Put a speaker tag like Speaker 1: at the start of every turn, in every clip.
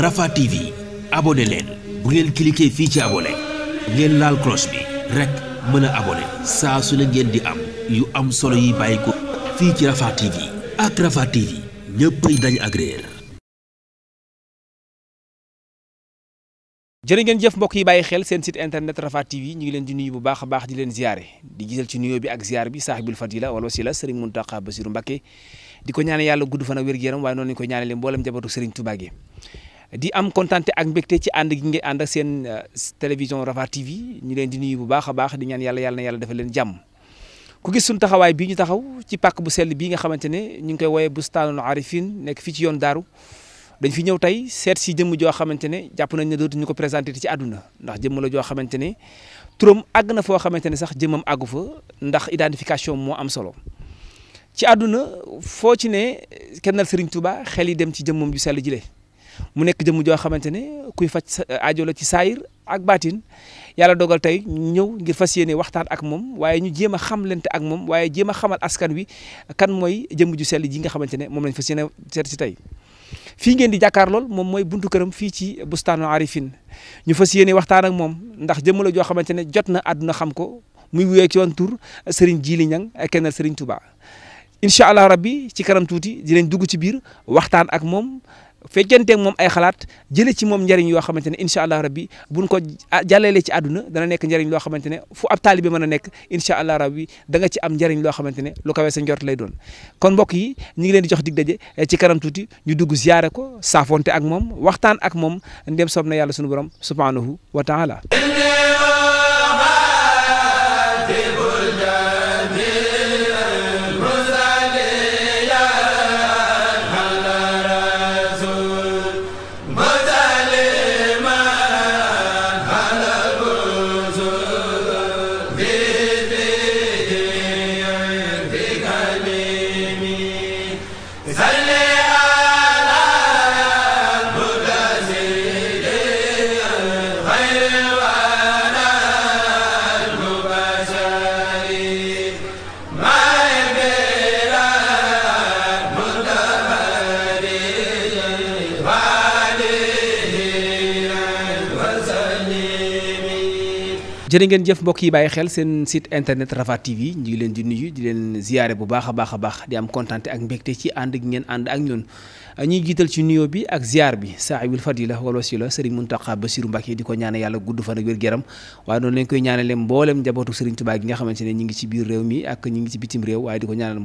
Speaker 1: Rafah TV abonné leen bu ngeen cliquer fii ci abonné ngeen laal cloche bi rek mën a abonné saa su ngeen di am yu am solo yi bàyyi ko fii ci Rafah TV ak Rafah TV ñëppay dañ ak réer. jërë ngeen jëf mbokk yi bàyyi xel seen site internet Rafah TV ñu ngi leen di nuyu bu baax baax di leen ziare di gisal ci nuyoo bi ak ziar bi saaxibul fadila wala wasila sëriñ Muntaqa Basiru Mbakke di ko ñaane yàlla gudd fan ak wér-gu-yaram waaye noonu lañu ko ñaanale mboolem njabootu sëriñ di am kontante ak mbégte ci ànd gi ngeen ànd ak seen euh, télévision Rafah TV ñu leen di nuyu bu baax a baax di ñaan yàlla yàlla na yàlla dafa leen jàmm ku gis suñu taxawaay bii ñu taxaw ci pàkk bu sell bii nga xamante ne ñu ngi koy wooyee no Arifin nekk fii ci yoon daaru dañ fi ñëw tey seet si jëmm joo xamante ne jàpp nañ ne dootuñu ko présenté ci àdduna ndax jëmm la joo xamante ne turam àgg na foo xamante ne sax jëmmam àggu fa ndax identification moo am solo ci àdduna foo ci ne kennal Serigne Touba xel yi dem ci jëmmam ju sell ji le mu nekk jëmm joo xamante ne kuy faj eh, aajo la ci saayir ak baatin yàlla dogal tey ñëw ngir fas yéene waxtaan ak moom waaye ñu jéem a xamlante ak moom waaye jéem a xamal askan wi kan mooy jëmm ju sell ji nga xamante ne moom lañ fas yéene seet si tey. fii ngeen di jàkkaar moom mooy buntu këram fii ci bustaanu arifin ñu fas yéene waxtaan ak moom ndax jëmm joo xamante ne jot na àdduna xam ko muy wuyee ci woon tur eh, Serigne Djily Niang kenn eh, kennal Serigne Touba. incha allah rabbi ci kanam tuuti dinañ dugg ci biir waxtaan ak moom feccanteeg moom ay xalaat jëlee ci moom njëriñ yoo xamante ne incha allah rabbi buñ ko ah jàllalee ci àdduna dana nekk njëriñ loo xamante ne fu ab taalibe mën a nekk incha allah rabbi da nga ci am njëriñ loo xamante ne lu kawee sa njort lay doon kon mbokk yi ñu ngi leen di jox dig daje eh, ci kanam tuuti ñu dugg ziyaare ko saafonte ak moom waxtaan ak moom ndem soob na yàlla sunu borom subhanahu wa taala jërë ngeen jëf mbokk yi bàyyi xel seen sit internet Rafah TV ñu ngi leen di nuyu di leen ziyaare bu baax a baax a baax di am kontaan ak mbégte ci ànd gi ngeen ànd ak ñun ñuy jiital ci nuyoo bi ak ziar bi saahibul fadila wal wasila sëriñ Muntaqa Basiru Mbàkke di ko ñaane yàlla gudd fan ak wér-gu-yaram waaye noonu lañ koy ñaanale mbooleem njabootu sëriñ Tuubaa gi nga xamante ne ñi ngi ci biir réew mi ak ñi ngi ci bitim réew waaye di ko ñaanal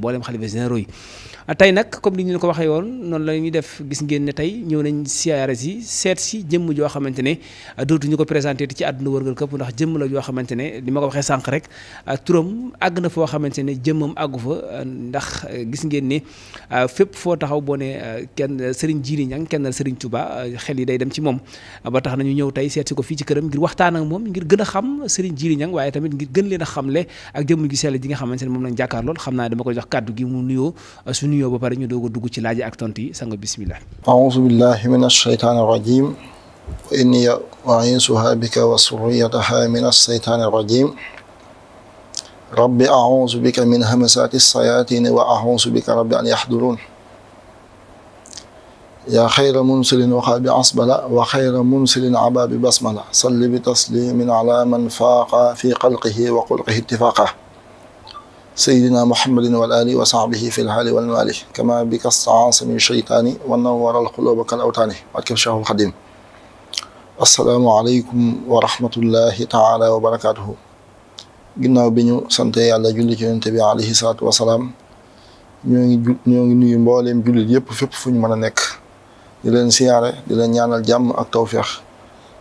Speaker 1: ah, comme ni ñu ko waxee woon noonu la ñuy def gis ngeen ne tey ñëw nañ siyaare si seet si jëmm joo xamante ne ah, dootuñu ko présenté ci àdduna wërgal këpp ndax jëmm la joo xamante ne li ma ko waxee sànq rek ah, turam àgg na foo xamante ne jëmmam àggu fa ndax gis ngeen ne fépp foo taxaw boo ne kenn Serigne kenn Niang kennal Serigne Touba xel yi day dem ci moom ba tax nañu ñëw tey seet ko fii ci këram ngir waxtaan ak moom ngir gën a xam Serigne Djily Niang waaye tamit ngir gën leen a xam xamle ak jëmm gi sell ji nga xamante ne moom lañ jàkkaar lool xam naa dama koy jox kàddu gi mu nuyoo su nuyoo ba pare ñu doog dugg ci laaj ak tontu yi sanga bismillah
Speaker 2: aouzu billahi min ashaytan arrajim wa inni u'iizuha bika wa surriyataha min ashaytan arrajim rabbi aouzu bika min hamasaati sayaatin wa aouzu bika rabbi an yaxduruun yaa xayra munsilin waxaa bi asbala wa xayra munsilin abaa bi basmala salli bi taslimin ala man faaqa fi xalqihi wa xulqihi ittifaaqa sayidina muhammadin wa alihi wa sahbihi fi lhaali wal maali kama bi kastaansa min sheytaani wa nawwara alxuluuba kal awtaani watkab cheikhul xadim assalaamu aleykum wa rahmatullahi taala wa barakaatuhu ginnaaw bi ñu sante yàlla julli ci yonent bi alayhi salaatu wasalaam ñoo ngi ñoo ngi nuyu mbooleem jullit yépp fépp fu ñu mën a nekk di leen siyaare di leen ñaanal jàmm ak tawféex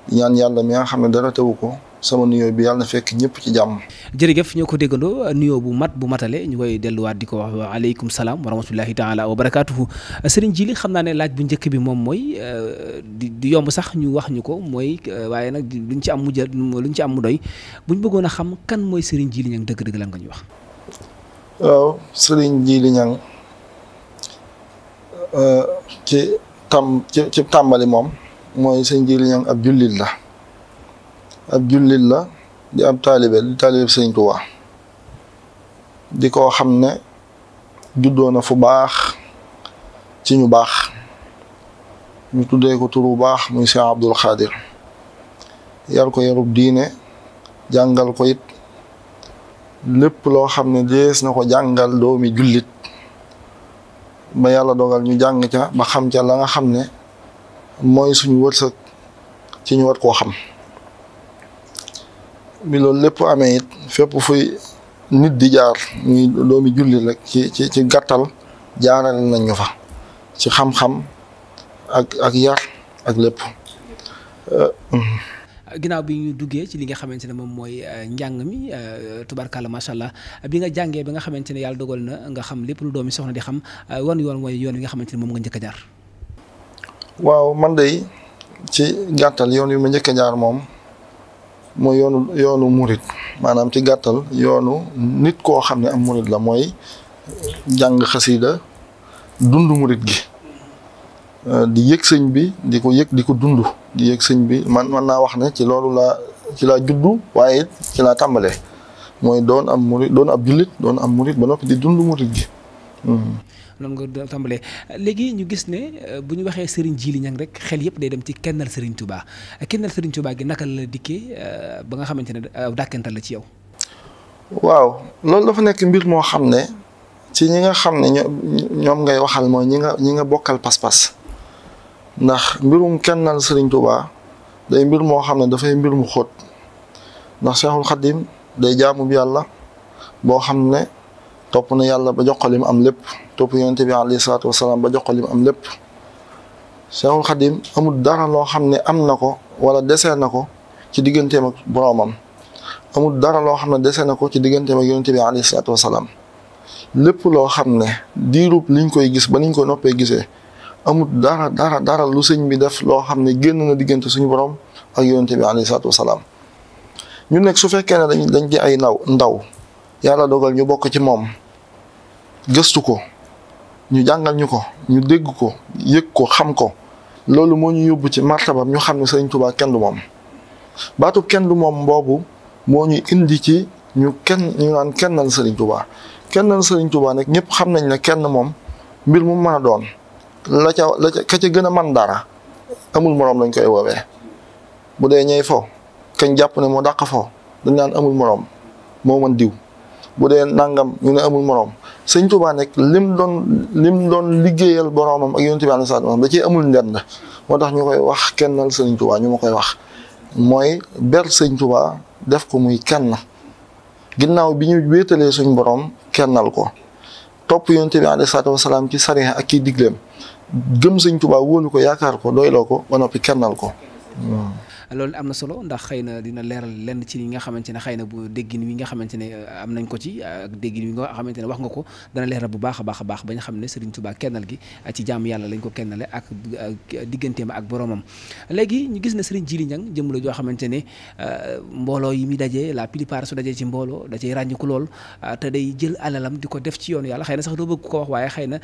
Speaker 2: di ñaan yàlla mi nga xam ne dara tewu ko sama nuyoo bi yàlla na fekk
Speaker 1: ñëpp ci jàmm. jërëjëf ñoo ko déggandoo nuyoo bu mat bu matalee ñu koy delluwaat di ko wax aleykum salaam wa rahmatullahi taala wa barakaatuhu sëriñ Jili xam naa ne laaj bu njëkk bi moom mooy euh, di yomb sax ñu wax ñu ko mooy euh, waaye nag luñ ci am mu jël luñ ci am mu doy buñ bëggoon a xam kan mooy sëriñ Jili ñang dëgg-dëgg lan nga ñu wax.
Speaker 2: waaw sëriñ Jili ñang euh, tam ci ci tàmbali moom mooy sëñ Jili Ñaŋ ab jullit la ab jullit la di ab taalibe di taalibe sëñ Tuubaa di xam ne juddoo na fu baax ci ñu baax ñu tuddee ko turu baax muy Seex Abdul Xaadir yar ko yarub diine jàngal koyit lépp loo xam ne dees na ko jàngal doomi jullit ba yàlla dogal ñu jàng ca ba xam ca la nga xam ne mooy suñu wërsëg ci ñu war koo xam bi loolu lépp amee it fépp fuy nit di jaar ñuy doomi julli rek ci ci ci gàttal jaarale nañ ñu fa ci xam-xam ak ak yar ak lépp.
Speaker 1: ginnaaw bi ñu duggee ci li nga xamante ne moom mooy euh, njàng mi euh, tubarkalla macha allah bi nga jàngee bi nga xamante ne yàlla dogal na nga xam lépp lu doom doomi soxna di xam euh, wan yoon mooy yoon wi nga xamante ne moom nga njëkk a
Speaker 2: waaw man de ci gàttal yoon wi ma njëkk a jaar moom mooy yoonu yoonu murit maanaam ci gàttal yoonu nit koo xam ne am murit la mooy jàng xasida dund murit gi di yëg sëñ bi di ko yëg di ko dund. di yëg sëñ bi man man naa wax ne ci loolu laa ci laa juddu waaye ci laa tàmbalee mooy doon am murit doon ab jullit doon am murit ba noppi di dund murit gi. Hmm.
Speaker 1: noonu nga tàmbalee léegi ñu gis ne euh, bu ñu waxee Serigne Djily Niang rek xel yëpp day dem ci kennal Serigne Touba kennal sëriñ Touba gi naka la dikkee euh, ba nga xamante ne euh, dàkkantal la ci yow.
Speaker 2: waaw loolu dafa nekk mbir moo xam ne ci ñi nga xam ne ñoom ngay waxal mooy ñi nga ñi nga bokkal pas-pas ndax mbirum kennal sëriñ Tuubaa day mbir moo xam ne dafay mbir mu xot ndax Seexul Xadim day jaamu bi yàlla boo xam ne topp na yàlla ba jox ko lim am lépp topp yonente bi alayhi salaatu wasalaam ba jox am lépp Seexul Xadim amul dara loo xam ne am na ko wala desee na ko ci digganteem ak boroomam amul dara loo xam ne desee na ko ci digganteem ak yonente bi alayhi salaatu wasalaam lépp loo xam ne diirub liñ koy gis ba niñ ko noppee gisee amul dara dara dara lu sëñ bi def loo xam ne génn na diggante suñu borom ak yonente bi alayhi salaatu wasalaam ñu nekk su fekkee ne dañ dañ ci ay ndaw ndaw yàlla dogal ñu bokk ci moom gëstu ko ñu jàngal ñu ko ñu dégg ko yëg ko xam ko loolu moo ñu yóbbu ci martabam ñu xam ne sëriñ Tuubaa kenn du moom baatub kenn du moom boobu moo ñu indi ci ñu kenn ñu naan kennal sëriñ Tuubaa kennal sëriñ Tuubaa nag ñëpp xam nañ ne kenn moom mbir mu mën a doon la ca la ca ka gën a man dara amul moroom lañ koy woowee bu dee ñey fo kañ jàpp ne moo dàq fo dañ naan amul moroom moo man diw bu dee nangam ñu ne amul moroom sëñ Tuubaa nekk lim doon lim doon liggéeyal boromam ak Yonent bi alayhi salaatu wasallam da ciy amul ndend moo tax ñu koy wax kennal sëñ Tuubaa ñu ma koy wax mooy ber sëñ Tuubaa def ko muy kenn ginnaaw bi ñu wéetalee suñ borom kennal ko topp Yonent bi alayhi salaatu wasallam ci sariya ak ci digleem gëm sëñ Tuubaa wóolu ko yaakaar ko doyloo ko ba noppi kennal ko waaw
Speaker 1: loolu am na solo ndax xëy na dina leeral lenn ci li nga xamante ne xëy na bu déggin wi nga xamante ne eh, am nañ ko ci eh, ak déggin wi nga xamante ne wax nga ko dana leeral bu baax a baax a baax bañ xam ne Serigne Touba kennal gi eh, ci jaamu yàlla lañ ko kennale ak digganteem ak boromam léegi ñu gis ne Serigne Djily Niang jëm la joo xamante ne mbooloo yi muy dajee la plupart su dajee ci mbooloo da cay ràññiku lool te day jël alalam di ko def ci yoon yàlla xëy na sax doo bëgg ko wax waaye xëy na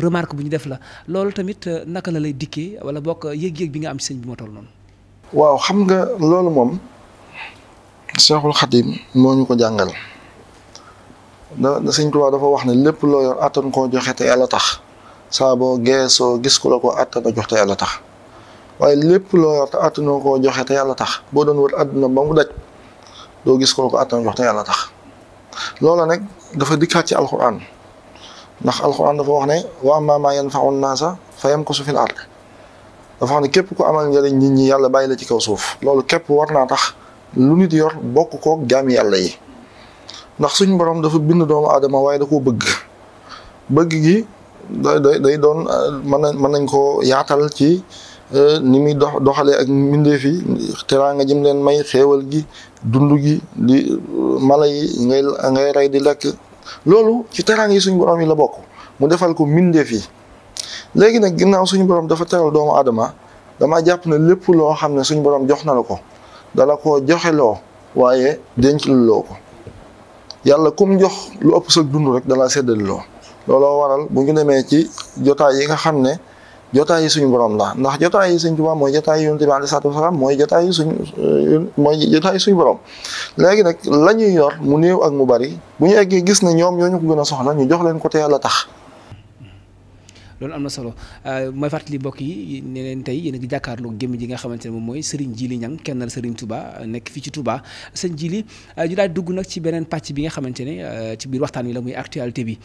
Speaker 1: remarque bu ñu def la loolu tamit naka la lay dikkee wala bokk yëg bi nga am sëñ bi noonu
Speaker 2: waaw xam nga loolu moom Seexul Xadim moo ñu ko jàngal da da Sëñ Tuubaa dafa wax ne lépp loo yor attan koo joxe te yàlla tax saa boo geesoo gis ku la ko attan a jox te yàlla tax waaye lépp loo yor te attanoo koo joxe te yàlla tax boo doon wër àdduna ba mu daj doo gis ko attan jox te tax loola nag dafa dikkaat ci alxuraan ndax alxuraan dafa wax ne wa ammaa maa yanfa'u nnaasa fa yamkusu fil ard dafa xam képp ku amal njëriñ nit ñi yàlla bàyyi la ci kaw suuf loolu képp war tax lu nit yor bokk kook jaami yàlla yi ndax suñ borom dafa bind doomu aadama waaye da koo bëgg bëgg gi day doon euh, mën nañ mën nañ koo yaatal ci euh, ni muy dox doxalee ak mbindeef yi teraanga jëm leen may xéewal gi dund gi di euh, mala yi ngay ngay rey di lekk loolu ci teraanga yi suñ borom yi la bokk mu defal ko mbindeef yi léegi nag ginnaaw suñu boroom dafa teral doomu aadama dama jàpp ne lépp loo xam ne suñu borom jox na la ko dala koo joxeloo waaye denc lu loo ko yàlla kum jox lu ëpp sa dundu rek dala séddal loo looloo waral bu ñu demee ci jotaay yi nga xam ne jotaay yi suñu borom la ndax jotaay yi suñ Tuubaa mooy jotaay yi yonent bi alayhi mooy jotaay yi mooy jotaay suñu borom léegi nag lañuy yor mu néew ak mu bari bu ñu eggee gis ne ñoom ñoo ñu ko gën a soxla ñu jox leen ko te yàlla tax
Speaker 1: loolu am na solo euh, may fàttali mbokk yi ne leen tey yéen a ngi jàkkaarloo gémmi ji nga xamante ne moom mooy Serigne Djily Niang kennal Serigne Touba nekk fii ci Touba sëñ Djily euh, ñu daal dugg nag ci beneen pàcc bi nga xamante ne euh, ci biir waxtaan wi la muy actualité bi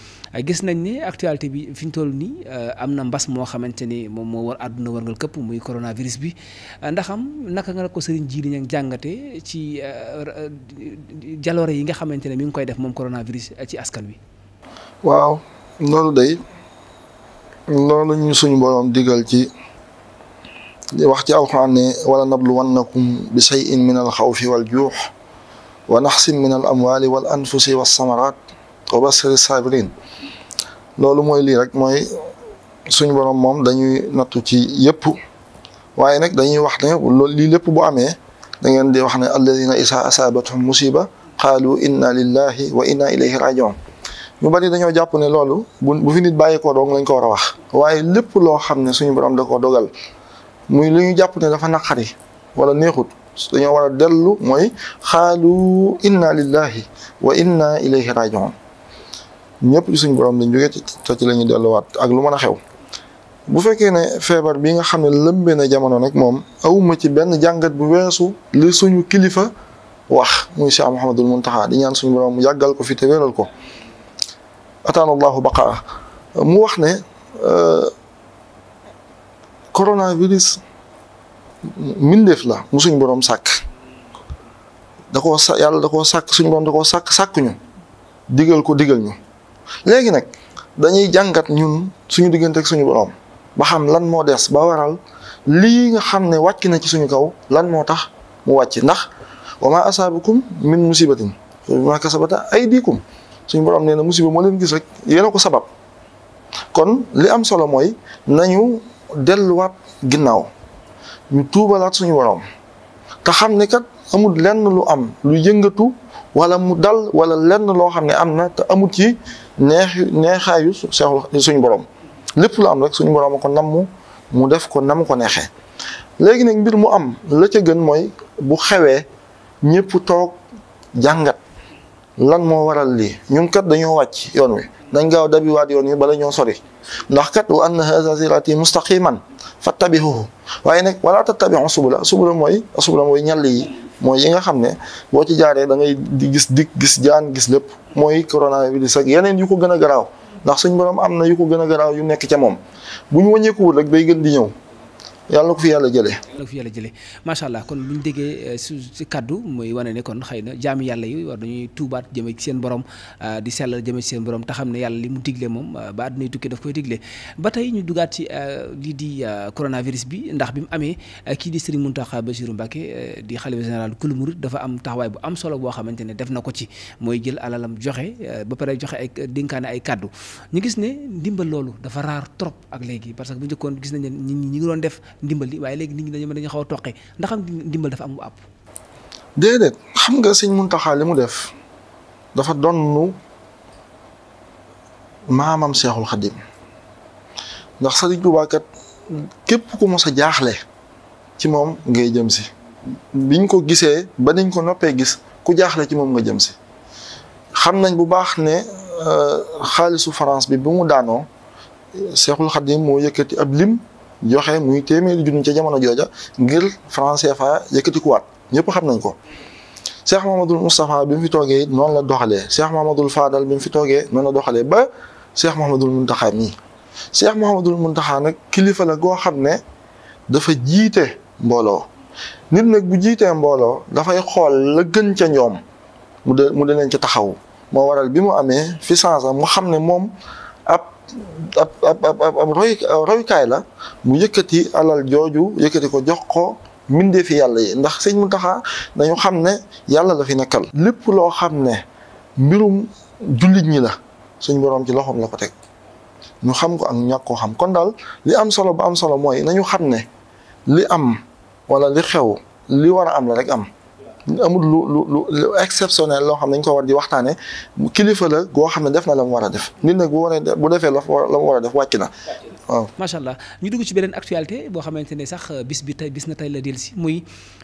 Speaker 1: gis nañ ne actualité bi fi ñu toll nii am na mbas moo xamante ne moom moo war àdduna war warngal këpp muy coronavirus bi ndax am naka nga ko Serigne Djily Niang jàngate ci jaloore yi nga xamante ne mi ngi koy def moom coronavirus ci askan wi
Speaker 2: loolu ñu suñu boroom digal ci wax ci alxuraan ne wala nabluwannakum bi shay'in min alxawfi waljux wa naxsin min al amwali wal anfusi wasamarat wa basiri sabirin loolu mooy lii rek mooy suñu boroom moom dañuy nattu ci yëpp waaye nag dañuy wax ne loolu lii lépp bu amee da ngeen di wax ne alladina isaa asaabathum musiba qaalu inna lillahi wa inna ilayhi ñu bari dañoo jàpp ne loolu bu bu fi nit bàyyeekoo dong lañ ko war a wax waaye lépp loo xam ne suñu borom da koo dogal muy lu ñu jàpp ne dafa naqari wala neexut dañoo war a dellu mooy xaalu inna lillahi wa inna ilayhi rajiun ñëpp ci suñu borom dañ jógee te ci lañuy delluwaat ak lu mën a xew. bu fekkee ne feebar bi nga xam ne lëmbee na jamono nag moom awuma ci benn jàngat bu weesu li suñu kilifa wax muy Cheikh mun Mountakha di ñaan suñu borom mu yàggal ko fi te wéral ko. ataana allahu baqaa mu wax ne euh, coronavirus mbindeef la mu suñ boroom sàkk da koo sa yàlla da koo sàkk suñ boroom da sàkk sàkkuñu ñu digal ko digal ñu léegi nag dañuy jàngat ñun suñu diggante suñu boroom ba xam lan moo des ba waral lii nga xam ne wàcc na ci suñu kaw lan moo tax mu wàcc ndax wa ma asaabakum min musibatin fa bima kasabata aydikum suñ borom nee na musiba moo leen gis rek yéen a ko sabab kon li am solo mooy nañu delluwaat ginnaaw ñu tuubalaat suñu borom te xam ne kat amul lenn lu am lu jëngatu walla mu dal wala lenn loo xam ne am na te amul ci neex neexaayu seexul suñu borom lépp lu am rek suñu borom ko namm mu def ko nam ko neexee. léegi nag mbir mu am la ca gën mooy bu xewee ñëpp toog jàngat. lan moo waral lii ñun kat dañoo wàcc yoon wi dañ gaaw dabiwaat yoon wi bala ñoo sori ndax kat wa anna haza sirati mustaqiman fattabihuhu waaye nag wala tattabiu subula la mooy subula mooy ñàll yi mooy yi nga xam ne boo ci jaaree da ngay di gis dik gis jaan gis lépp mooy coronavirus ak yeneen yu ko gën a garaaw ndax suñ borom am na yu ko gën a garaaw yu nekk ca moom bu ñu wàññeekuwul rek day gën di ñëw yàlla na ko fi yàlla jëlee. yàlla
Speaker 1: na ko fi allah kon bu ñu déggee eh, si kaddu mooy wane ne kon xëy na jaami yàlla yi war nañuy tuubaat jëme ci seen borom eh, di sellal jëme seen borom te xam ne yàlla li mu digle moom eh, ba àdduna tukki daf koy digle. ba tey ñu dugaat ci lii di coronavirus bi ndax bi mu amee kii di Serigne Mountakha Bassirou Mbacké di xale général kul murid dafa am taxawaay bu am solo boo xamante ne def na ko ci mooy jël alalam joxe ba pare joxe ay dénkaane ay kaddu ñu gis ne ndimbal loolu dafa raar trop ak léegi parce que bu njëkkoon gis nañ ne ñi ngi doon def ndimbal li waaye léegi nit ñi dañu dañu xaw a toqee ndax am ndimbal dafa am bu àpp.
Speaker 2: déedéet xam nga sëñ Muntaxa li mu def dafa donnu maamam Seexul Xadim ndax Sëriñ Tuubaa kat képp ku mos a jaaxle ci moom ngay jëm si biñ ko gisee ba niñ ko noppee gis ku jaaxle ci moom nga jëm si xam nañ bu baax ne euh, xaalisu France bi bu mu daanoo Seexul Xadim moo yëkkati ab lim joxe muy téeméeri junni ca jamono jooja ngir franc CFA yëkkatikuwaat ñëpp xam nañ ko. Cheikh Mamadou Moustapha bi mu fi toogee noonu la doxalee Cheikh Mamadou Fadal bi mu fi toogee noonu la doxalee ba Cheikh Mamadou Mountakha mii. Cheikh Mamadou Mountakha nag kilifa la goo xam ne dafa jiite mbooloo nit nag bu jiitee mbooloo dafay xool la gën ca ñoom mu de mu de leen ca taxaw moo waral bi mu amee fi sansa mu xam ne moom ab ab ab ab roy royukaay la mu yëkkati alal jooju yëkkati ko jox ko mbindee fi yàlla yi ndax sëñ Muntaxa dañu xam ne yàlla la fi nekkal. lépp loo xam ne mbirum jullit ñi la suñ borom ci loxoom la ko teg ñu xam ko ak ñàkk koo xam kon daal li am solo ba am solo mooy nañu xam ne li am wala li xew li war a am la rek am. amul lu lu lu lu loo xam ne dañ ko war di waxtaanee kilifa la goo xam ne def na la mu war a def nit nag bu waree bu defee la mu war a def wàcc na waaw.
Speaker 1: macha allah ñu dugg ci beneen actualité boo xamante ne sax bis bi tey bis na tey la dellu si muy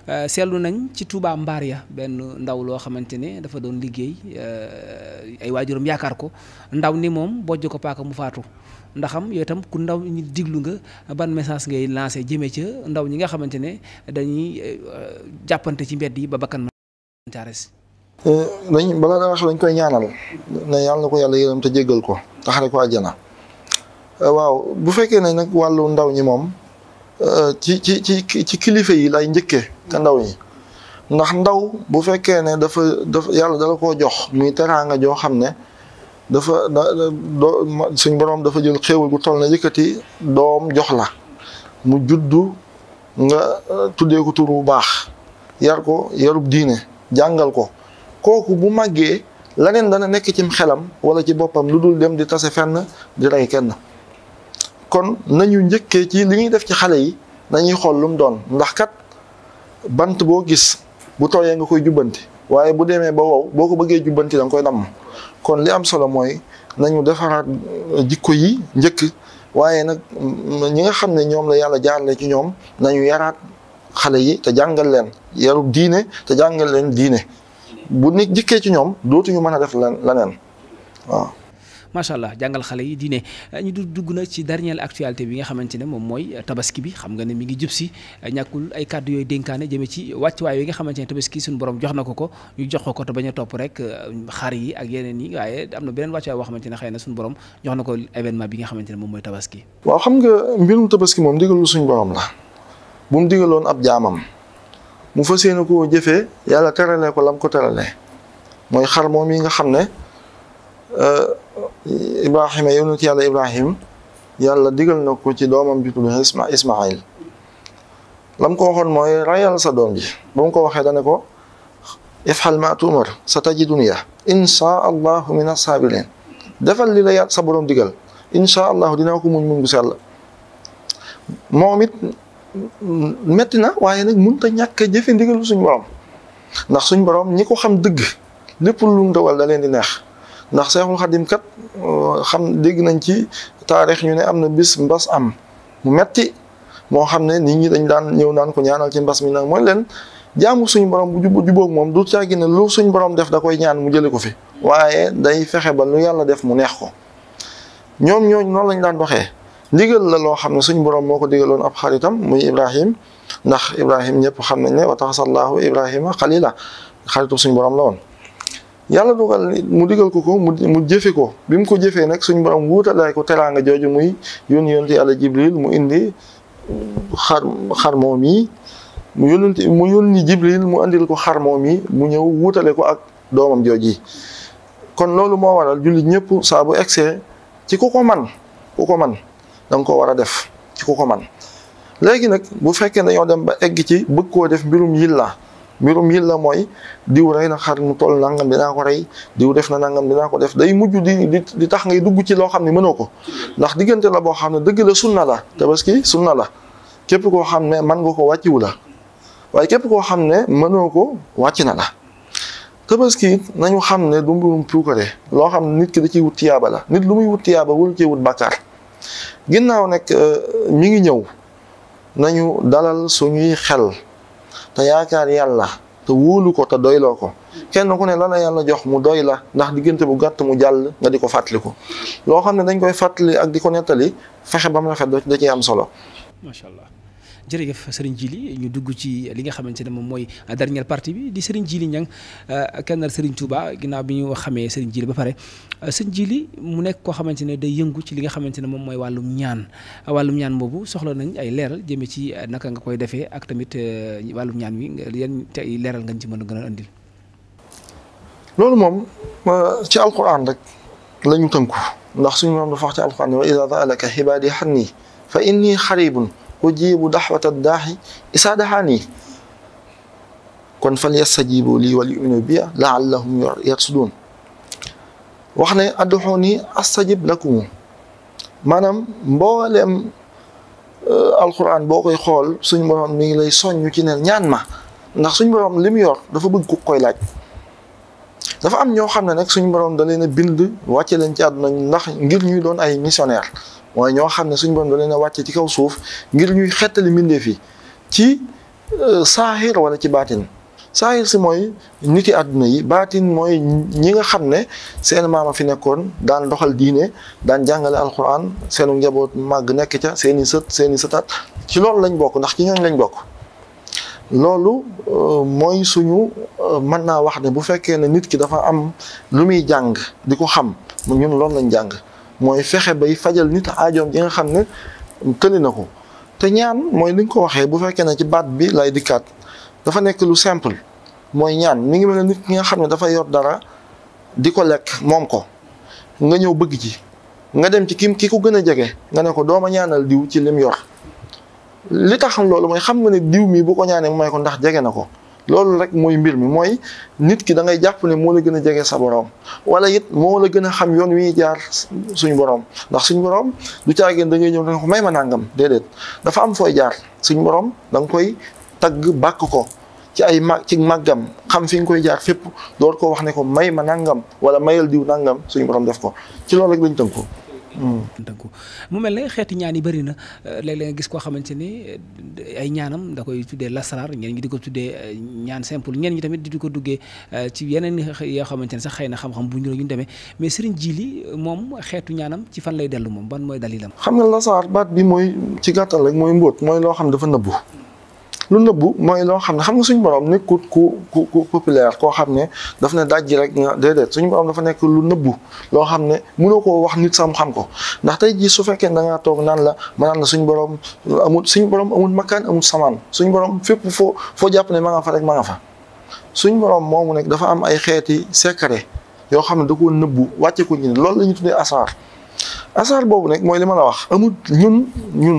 Speaker 1: euh, seetlu nañ ci Touba Mbaar ya benn ndaw loo xamante ne dafa doon liggéey euh, ay waajuram yaakaar ko ndaw ni moom bojj ko paaka mu faatu. ndaxam yow itam ku ndaw ñu diglu nga ban message ngay lancé jëmee ca ndaw ñi nga xamante ne dañuy euh, jàppante ci mbedd yi ba bakkan ma caares
Speaker 2: dañ euh, bala nga koy ñaanal ne yàlla ko yàlla yërëm te jéggal ko taxare ko àjjana euh, waaw bu fekkee ne nag wàllu ndaw ñi moom ci ci ci ci kilifa yi lay njëkkee te ndaw ñi ndax ndaw bu fekkee ne dafa dafa yàlla dala koo jox muy teraanga joo xam ne dafa da doo suñ borom dafa jël xéewal gu toll na yëkkati doom jox la mu juddu nga euh, tuddee ko tur bu baax yar ko yarub diine jàngal ko kooku bu màggee leneen dana nekk cim xelam wala ci boppam lu dul dem di tase fenn di rey kenn kon nañu njëkkee ci li ñuy def ci xale yi nañuy xool lu mu doon ndax kat bant boo gis bu tooyee nga koy jubbanti waaye bu demee ba wow boo ko bëggee jubbanti da koy damm kon li am solo mooy nañu defaraat jikko yi njëkk waaye nag ñi nga xam ne ñoom la yàlla jaarale ci ñoom nañu yaraat xale yi te jàngal leen yarub diine te jàngal leen diine bu nit jikkee ci ñoom dootuñu mën a def leneen waaw
Speaker 1: macha allah jàngal xale yi diine ñu dugg na ci dernière actualité bi nga xamante ne moom mooy tabaski bi xam nga ne mi ngi jub si ñàkkul ay kàddu yooyu dénkaane jëmee ci wàccuwaay yi nga xamante ne tabaski suñu borom jox na ko ko ñu jox ko ko te bañ a topp rek euh, xar yi ak yeneen yi waaye am na beneen wàccuwaay boo xamante ne xëy na suñu borom jox na ko événement bi nga xamante ne moom mooy tabaski
Speaker 2: waaw xam nga mbirum tabaski moom digalul suñu borom la bu mu digaloon ab jaamam mu fas yéene koo jëfee yàlla teralee ko lam ko teralee mooy xar moom nga xam ne euh, Ibrahima yonent yàlla Ibrahim yàlla digal na ko ci doomam bi tudd Isma lam ko waxoon mooy rayal sa doom ji ba mu ko waxee dane ko ifxal ma tuumar sa tajiduniya insha allahu min asaabirin defal li la sa borom digal insha allahu dinaa ko muñ muñ bu sell moom na waaye nag ñàkk a jëfe suñ borom ndax suñ borom ñi ko xam dëgg lépp lu mu dawal leen di neex ndax seexul xadim kat euh, xam dégg nañ ci taarix ñu ne am na bis mbas am mu metti moo xam ne nit ñi dañ daan ñëw naan ko ñaanal ci mbas mi nag mooy leen jaamu suñu borom bu jub moom du caagi ne lu suñu borom def da koy ñaan mu jëlee ko fi waaye day fexe ba lu yàlla def mu neex ko ñoom ñooñu noonu lañ daan doxee ndigal la loo xam ne suñu borom moo ko digaloon ab xaritam muy Ibrahim ndax Ibrahim ñëpp xam nañ ne wa taxasallahu Ibrahima xalila xaritu suñu borom la woon. yàlla dogal mu digal ko ko mu mu jëfe ko bi mu ko jëfee nag suñ borom wuutalaay ko teraanga jooju muy yónni yonent yàlla jibril mu indi xar xar moom yi mu yónni mu yónni jibril mu andil ko xar moom mu ñëw wuutale ko ak doomam jooji kon loolu moo waral jullit ñëpp saa bu egsee ci ku ko man ku ko man dang ko war a def ci ku ko man léegi nag bu fekkee dañoo dem ba egg ci bëgg koo def mbirum yilla mbirum yi la mooy diw rey na xar mu toll nangam dinaa ko rey diw def na nangam dinaa ko def day mujj di di tax ngay dugg ci loo xam ne mënoo ko ndax diggante la boo xam ne dëgg la sunna la tabaski sunna la képp koo xam ne mën nga ko wàcciwu la waaye képp koo xam ne mënoo ko wàcc na la tabaski it nañu xam ne du mbirum puukare loo xam ne nit ki da ciy wut tiyaaba la nit lu muy wut tiyaaba wul cee wut bàkkaar ginnaaw nag euh, mi ngi ñëw nañu dalal su suñuy xel te yaakaar yàlla te wóolu ko te doyloo ko kenn ku ne la la yàlla jox mu doy la ndax diggante bu gàtt mu jàll nga di ko ko loo xam ne dañ koy fàttali ak di ko nettali fexe ba mu rafet da ci am solo.
Speaker 1: macha allah. jërëjëf Serigne Djili ñu dugg ci li nga xamante ne moom mooy dernière partie bi di Serigne Djili ñang euh, kennal Serigne Touba ginnaaw bi ñu xamee Serigne Djili ba pare euh, Serigne Djili mu nekk koo xamante ne day yëngu ci li nga xamante ne moom mooy wàllum ñaan wàllum ñaan boobu soxla nañ ay leeral jëme ci euh, naka nga koy defee ak tamit wàllum ñaan wi yan te leeral nga ci mën a gën a andil.
Speaker 2: moom ci alquran rek la ñu tënku ndax suñu moom dafa wax ci alquran wa idaa saalaka ibaadi anni fa inni xaribun ujibu daxwata daaxi isaa daxaani kon fal yastajibu lii wal yuminu biya laallahum yarsudun wax ne adduxoo nii astajib lakumu maanaam mbooleem euh, alquran boo koy xool suñ borom mi ngi lay soññ ci ne ñaan ma ndax suñ borom li mu yor dafa bëgg ku koy laaj dafa am ñoo xam ne nag suñ borom da leen a bind wàcce leen ci àdduna ndax ngir ñuy doon ay missionnaire waaye ñoo xam ne suñ borom da leen a wàcce ci kaw suuf ngir ñuy xettali mbindeef yi ci euh, saaxir wala ci baatin saahir si mooy niti àdduna yi baatin mooy ñi nga xam ne seen maama fi nekkoon daan doxal diine daan jàngale alquran seenu njaboot màgg nekk ca seen i sët seen sëtaat ci loolu lañ bokk ndax ci ñooñ lañ bokk loolu euh, mooy suñu euh, mën naa wax ne bu fekkee ne nit ki dafa am lu muy jàng di ko xam ñun loolu lañ jàng mooy fexe bay fajal nit aajoom ji nga xam ne tëli na ko te ñaan mooy ni nga ko waxee bu fekkee na ci baat bi lay dikkaat dafa nekk lu simple mooy ñaan mi ngi mel nit ki nga xam ne dafa yor dara di ko lekk moom ko nga ñëw bëgg ci nga dem ci kim ki ku gën a jege nga ne ko doom a ñaanal diw ci lim yor li xam loolu mooy xam nga ne diw mi bu ko ñaanee mu may ko ndax jege na ko loolu rek mooy mbir mi mooy nit ki da ngay jàpp ne moo la gën a jege sa borom wala it moo la gën a xam yoon wi jaar suñu borom ndax suñu borom du caageen da ngay ñëw ne ko may ma nangam déedéet dafa am fooy jaar suñu borom da nga koy tagg bàkk ko ci ay mag ci màggam xam fi koy jaar fépp door ko wax ne ko may ma nangam wala mayal diw nangam suñu borom def ko ci loolu rek lañ tënku.
Speaker 1: dëggu mu mel ne xeeti ñaan yi bëri na euh, léeg nga gis koo xamante ni euh, ay ñaanam da koy tuddee lasaraar ñenn ñi di ko tuddee euh, ñaan simple ñenn ñi tamit di di ko duggee ci yeneen yoo xamante ne sax xëy na xam-xam bu ñu ñu demee mais sëriñ li moom xeetu ñaanam ci fan lay dellu moom ban mooy dalilam.
Speaker 2: xam nga lasaraar baat bi mooy ci gàttal rek mooy mbóot mooy loo xam dafa nëbbu. lu nëbbu mooy loo xam ne xam nga suñu borom nekkut ku ku ku populaire koo xam ne daf ne dajji rek nga déedéet suñu borom dafa nekk lu nëbbu loo xam ne mënoo koo wax nit sam xam ko ndax tey jii su fekkee da ngaa toog naan la ma naan la suñu borom amul suñu borom amul makkaan amul samaan suñu boroom fépp foo foo jàpp ne ma fa rek ma nga fa suñu borom moomu nekk dafa am ay xeeti secret yoo xam ne da nëbbu wàcce ko ñu ne loolu la ñu tuddee asaar asaar boobu nag mooy li ma la wax amut ñun ñun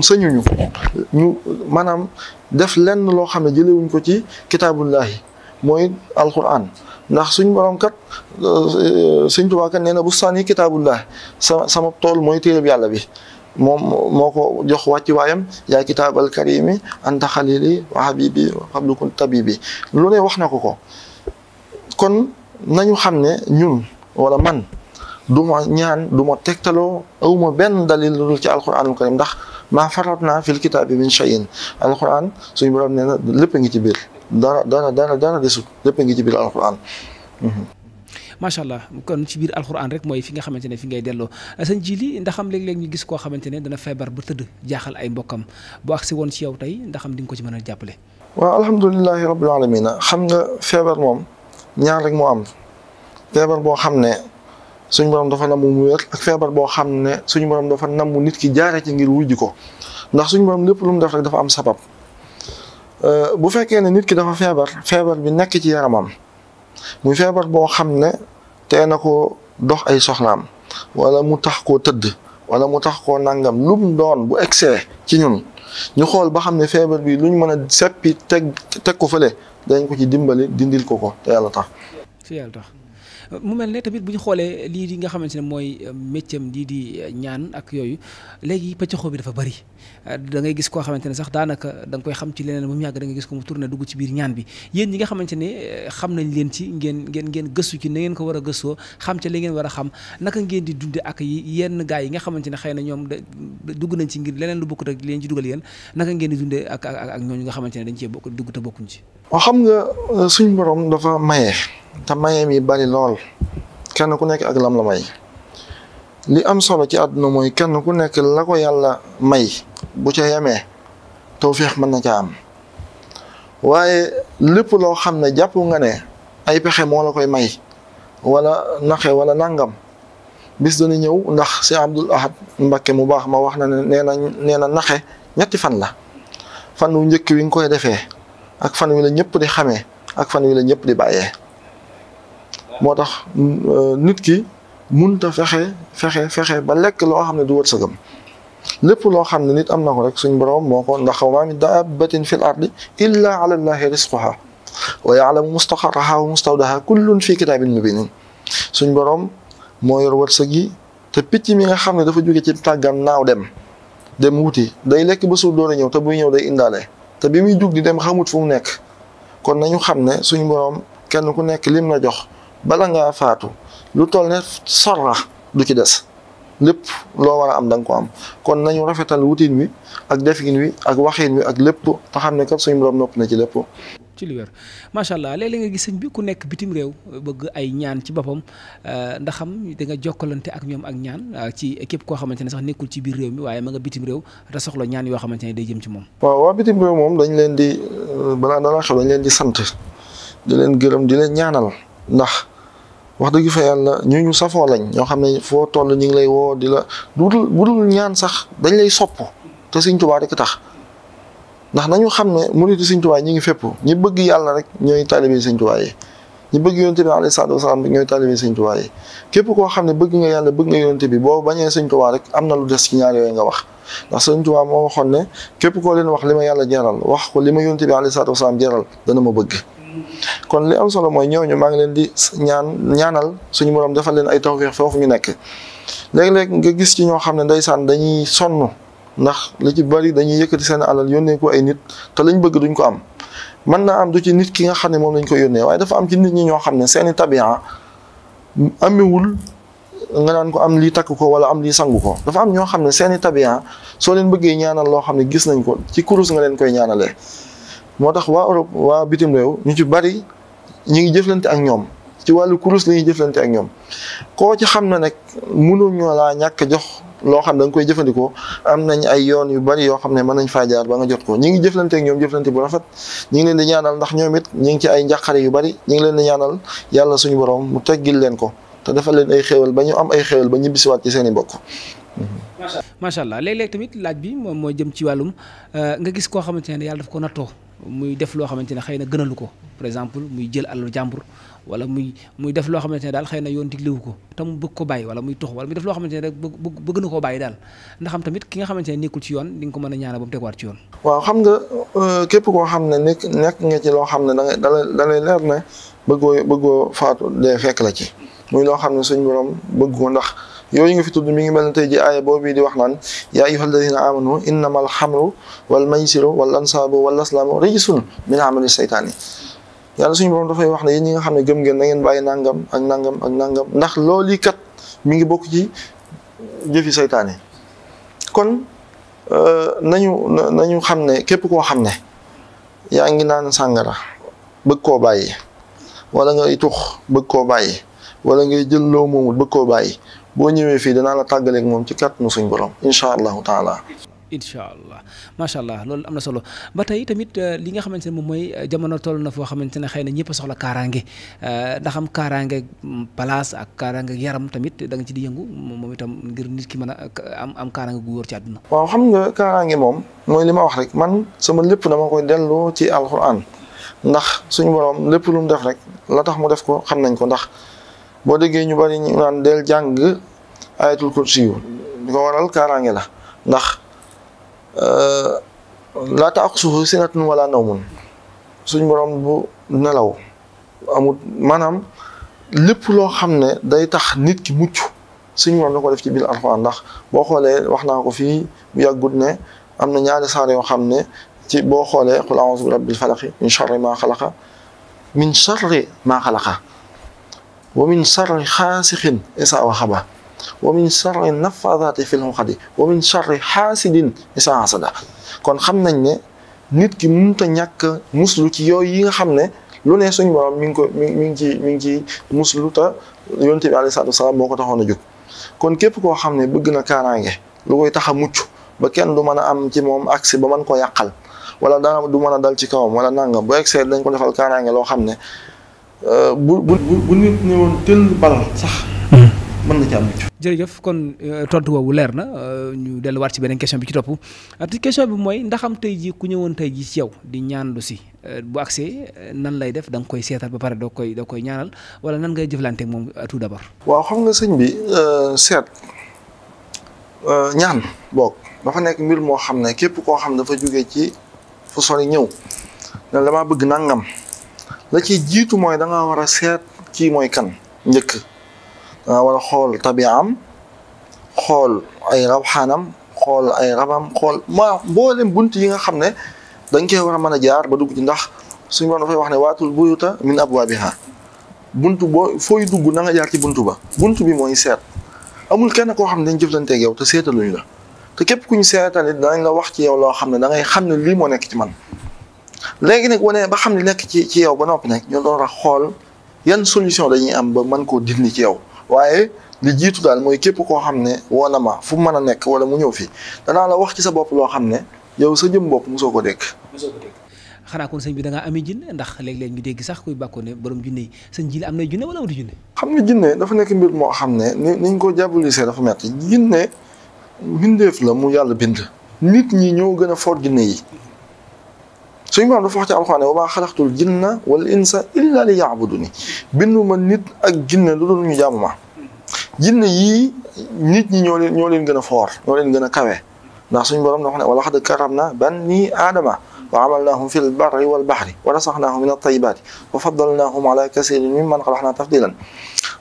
Speaker 2: ñu maanaam def lenn loo xam ne jëlewuñ ko ci kitaabullahi mooy alquran ndax suñ borom kat euh, suñ Tuubaa kat nee na bu sànni kitaabullahi sama sama tool mooy téereb yàlla bi moom moo ko jox wàcci waayam yaa kitaabal karimi anta xalili wa habibi wa xablukun lu ne wax na ko ko kon nañu xam ne ñun wala man du ma ñaan du ma tegtaloo awuma benn dalil lu dul ci alquranul karim ndax maa farat naa fil kitaabi min shay'in alquran suñu borom nee lépp a ngi ci biir dara dara dara dara desut lépp ngi ci biir alquran. Mhm.
Speaker 1: macha allah kon ci biir alxuraan rek mooy fi nga xamante ne fi ngay delloo sëñ ji li ndax am léeg-léeg ñu gis koo xamante ne dana feebar ba tëdd jaaxal ay mbokkam bu si woon ci yow tey ndaxam am di nga ko ci mën a jàppale.
Speaker 2: waaw alhamdulilahi rabbil alamin xam nga feebar moom ñaar rek moo am feebar boo xam ne suñ borom dafa namm mu wér feebar boo xam ne suñu borom dafa namm nit ki jaare ci ngir wujj ko ndax suñ borom lépp lu mu def rek dafa am sabab euh, bu fekkee ne nit ki dafa feebar feebar bi nekk ci yaramam muy feebar boo xam ne tee na ko dox ay soxnaam wala mu tax koo tëdd wala mu tax koo nangam lu doon bu egsee ci ñun ñu xool ba xam ne feebar bi luñ mën a seppi teg teg ko fële dañ ko ci dimbali dindil ko ko te yàlla tax.
Speaker 1: mu mel ne tamit bu ñu xoolee lii di nga xamante ne mooy euh, métier lii di euh, ñaan ak yooyu léegi pëccaxoo bi dafa bari euh, da ngay gis koo xamante ne sax daanaka danga koy xam ci leneen ba mu yàgg da gis ko mu tourné dugg ci biir ñaan bi yéen ñi nga xamante ne xam nañ leen ci ngeen ngeen ngeen gëstu ci na ngeen ko war a gëstoo xam ci li ngeen war a xam naka ngeen di dunde ak yi yenn gars yi nga xamante ne xëy na ñoom dugg nañ ci ngir leneen lu bokk rek leen ci dugal yéen naka ngeen di dunde ak ak ñooñu nga xamante ne dañ cee bokk dugg te bokkuñ ci
Speaker 2: suñ borom dafa maye te maye mi bari lool kenn ku nekk ak lam la may li am solo ci àdduna mooy kenn ku nekk la ko yàlla may bu ca yemee tawféex mën na caa am waaye lépp loo xam ne jàpp nga ne ay pexe moo la koy may wala naxe wala nangam bis dana ñëw ndax si Abdul Ahad Mbakke mu baax ma wax na ne nee na nee na naxe ñetti fan la fan wu njëkk wi nga koy defee ak fan wi la ñëpp di xamee ak fan wi la ñëpp di bàyyee. moo tax euh, nit ki munta fexe fexe fexe ba lekk loo xam ne du wërsëgam lépp loo xam ne nit am na ko rek suñ borom moo ko ndax wa maa min daabbatin fil ardi illaa ala llaahi rizquhaa wa yaalamu mustaqarrahaa wa mustawdaahaa kullun fii kitaabin mubiin suñ borom moo yor wërsëg yi te picc mi nga xam ne dafa jóge ci tàggam naaw dem dem wuti day lekk ba suur doon a ñëw te buy ñëw day indaale te bi muy jug dem dem xamut fu mu nekk kon nañu xam ne suñ borom kenn ku nekk lim la jox bala ngaa faatu lu toll ne sorra du ci des lépp loo war a am da nga ko am kon nañu rafetal wutin wi ak defin wi ak waxin wi ak lépp te xam ne kat suñu borom nopp na ci
Speaker 1: lépp. ci li wér macha allah léeg nga gis sëñ bi ku nekk bitim réew bëgg ay ñaan ci boppam euh, ndaxam xam da nga jokkalante ak ñoom ak ñaan euh, ci képp koo xamante ne sax nekkul ci biir réew mi waaye ma nga bitim réew te soxla ñaan yoo xamante ne day jëm ci moom.
Speaker 2: waaw waa bitim réew moom dañ leen di euh, balaa dara xew dañ leen di sant di leen gërëm di leen ñaanal. ndax wax dëgg fa yàlla ñu ñu safoo lañ ñoo xam ne foo toll ñu ngi lay woo di la bu budul ñaan sax dañ lay sopp te Sëñ Tuubaa rek tax ndax nañu xam ne mu Sëñ Tuubaa ñi ngi fépp ñi bëgg yàlla rek ñooy taalibe Sëñ Tuubaa yi bëgg yonent bi alayhi salaatu wasalaam rek ñooy taalibe Sëñ Tuubaa yi képp koo xam ne bëgg nga yàlla bëgg nga yonent bi boo bañee Sëñ Tuubaa rek am na lu des ci ñaar yooyu nga wax ndax Sëñ Tuubaa moo waxoon ne képp koo leen wax li ma yàlla jaral wax ko li ma yonent bi alayhi salaatu wasalaam jaral dana ma bëgg kon li am solo mooy ñëw ñu maa ngi leen di ñaan ñaanal suñu borom defal leen ay tawfeex foofu ñu nekk léeg-léeg nga gis ci ñoo xam ne ndeysaan dañuy sonn ndax li ci bari dañuy yëkkati seen alal yónnee ko ay nit te lañ bëgg duñ ko am mën naa am du ci nit ki nga xam ne moom lañ ko yónnee waaye dafa am ci nit ñi ñoo xam ne seeni tabian amewul nga naan ko am lii takk ko wala am lii sangu ko dafa am ñoo xam ne seeni tabian soo leen bëggee ñaanal loo xam ne gis nañ ko ci kurus nga leen koy ñaanalee moo tax waa Europe waa bitim réew ñu ci bari ñu ngi jëflante ak ñoom ci wàllu kurus la ñuy jëflante ak ñoom koo ci xam na nag mënul ñoo laa ñàkk a jox loo xam da nga koy jëfandikoo am nañ ay yoon yu bari yoo xam ne mën nañ faa ba nga jot ko ñi ngi jëflante ak ñoom jëflante bu rafet ñu ngi leen ñaanal ndax ñoom it ngi ci ay njàqare yu bari ñi ngi leen di ñaanal yàlla suñu borom mu teggil leen ko te defal leen ay xéewal ba ñu am ay xéewal ba ñibbisiwaat ci seen i mbokk
Speaker 1: macha allah laaj bi moom mooy jëm ci wàllum euh, nga gis koo xamante ne yàlla daf ko nattoo muy def loo xamante ne xëy na gënalu ko par exemple muy jël alalu jàmbur wala muy muy def loo xamante ne daal xëy na yoon diglewu ko te mu bëgg ko bàyyi wala muy tux wala muy def loo xamante ne rek bëgg bëgg na koo bàyyi tamit ki nga xamante ne nekkul ci yoon di nga ko mën a ñaanal ba mu
Speaker 2: xam euh, képp koo xam ne nekk nekk nga ci loo xam ne da ngay da lay leer ne bëggoo bëggoo faatu dee fekk la ci muy loo xam ne suñu borom bëgg ko ndax. yooyu nga fi tudd mi ngi mel ne tey ji aaya boobu di wax naan yaa ayyuha alladina amanu innama alxamru wal maysiru wal ansaabu wal aslaamu rijsun min amali seytaani yàlla suñu borom dafay wax ne yéen ñi nga xam ne gëm ngeen ngeen bàyyi nangam ak nangam ak nangam ndax loolu kat mi ngi bokk ci jëfi seytaane kon euh, nañu nañu xam ne képp koo xam ne yaa ngi naan sàngara bëgg koo bàyyi wala ngay tux bëgg koo bàyyi wala ngay jël loo moomul bëgg koo bàyyi boo ñëwee fii danaa la tàggaleeg moom ci kàttanu suñ borom incha allahu taala.
Speaker 1: incha allah macha allah loolu am na solo ba tey tamit euh, li nga xamante ne moom mooy euh, jamono toll na foo xamante ne xëy na ñëpp soxla kaaraange euh, ndax am kaaraange mm, place ak kaaraange yaram tamit da nga ci di yëngu moom itam ngir nit ki mën a am am kaaraange gu wóor ci àdduna.
Speaker 2: waaw xam nga kaaraange moom mooy li ma wax rek man sama lépp dama koy dellu ci alxuraan ndax suñu borom lépp lu mu def rek la tax mu def ko xam nañ ko ndax boo déggee ñu bari ñu naan del jàng. ayatul ko yu li ko waral kaaraange la ndax euh, laa taqsuhu sinatun wala nawmun suñ borom bu nelaw amut maanaam lépp loo xam ne day tax nit ki mucc suñ borom da ko def ci biir alxuraan ndax boo xoolee wax naa ko fii bu yàggut ne am na ñaari saar yoo xam ne ci boo xoolee qul a'uuzu bi rabbil falaqi min sharri maa xalaqa min sharri maa xalaqa wa min sharri xaasixin isaa waxaba wa min charri nafaadaati fil uqadi wa min charri xaasidin isa hasada kon xam nañ ne nit ki mënut a ñàkk muslu ci yooyu yi nga xam ne lu ne suñu borom mi ngi ko mi mi ngi ci mi ngi ci muslu te yonent bi alayhi salaatu wasalaam moo ko taxoon a jóg kon képp koo xam ne bëgg na kaaraange lu koy tax a mucc ba kenn du mën a am ci moom accès ba mën ko yàqal wala dara du mën a dal ci kawam wala nangam bu egsee dañ ko defal kaaraange loo xam ne euh, bu bu bu nit ñëwoon tëll bal
Speaker 1: hmm. mën na ci am mucc. jërëjëf kon euh, tontu woowu leer na euh, ñu delluwaat ci beneen question bi ci topp te question bi mooy ndaxam tey jii ku ñëwoon jii ci di ñaanlu si euh, bu accès nan lay def da nga koy seetal ba pare doo koy doo koy ñaanal wala nan ngay jëflante moom tout d'abord.
Speaker 2: waaw xam nga sëñ bi seet ñaan boog dafa nekk mbir moo xam ne képp koo xam dafa jóge ci fu sori ñëw ne damaa bëgg nangam la ci jiitu mooy danga war a seet ci mooy kan njëkk. Ah, wala nga war a xool tabi'am xool ay rawxaanam xool ay rabam xool ma mboolem bunt yi nga xam ne dañ koy war a mën a jaar ba dugg ci ndax suñu borom dafay wax ne waatul buyuta min abwaabiha bunt boo fooy dugg na nga jaar ci bunt ba bunt bi mooy seet amul kenn koo xam ne dañ jëflanteeg yow te seetaluñu la te képp ku ñu seetal nit danañ la wax ci yow loo xam ne da ngay xam ne lii moo nekk ci man léegi nag wane ba xam ne nekk ci ci yow ba noppi nekk ñu door a xool yan solution dañuy am ba mën koo dindi ci yow waaye li jiitu daal mooy képp koo xam ne woo na ma fu mën a nekk wala mu ñëw fi danaa la wax ci sa bopp loo xam ne yow sa jëm bopp mosoo ko dégg.
Speaker 1: mosoo ko dégg xanaa kon sëñ bi da ngaa amee jinne ndax léeg-léeg ñu dégg sax kuy bàkkoo ne borom junne yi sëñ ji am na junne wala amatu junne. xam nga jinne
Speaker 2: dafa nekk mbir moo xam ne ni niñ ko jàppalisee dafa metti jinne mbindeef la mu yàlla bind. nit ñi ñoo gën a foor jinne yi suñu borom dafa wax ci alxuraan wa maa xalaqtul jinna wal insa illa li yaabuduni bindu ma nit ak jinne lu dul ñu jaamu ma jinne yii nit ñi ñoo leen ñoo leen gën a foor ñoo leen gën a kawe ndax suñu borom dafa ne wa laqad karamna banii aadama wa amalnaahum fil barri wal bahri wa razaqnaahum min at-tayyibaati wa faddalnaahum ala kasiirin mimman xalaqnaa tafdiilan